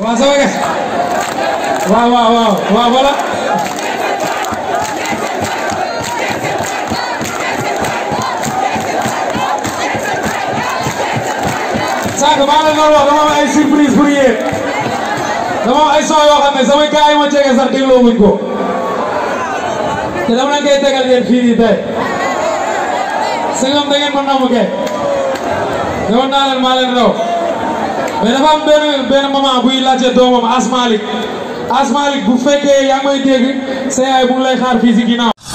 waaw sama gars waaw waaw waaw waaw voilà sànq maa ngi leen wax dama am ay surprise pour yéen dama am ay son yoo xam ne sama gars yi ma jege sax dégloo wuñ ko te dama leen koy tegal yéen fii nii tey sëñ am da ngeen ko namm kay. yow naa leen maa leen raw. mais dafa am benn benn maman buy laajte doomam Asmalik Asmalik bu fekkee yaa ngi may dégg sa yaay bu ngi lay xaar fii si ginnaaw.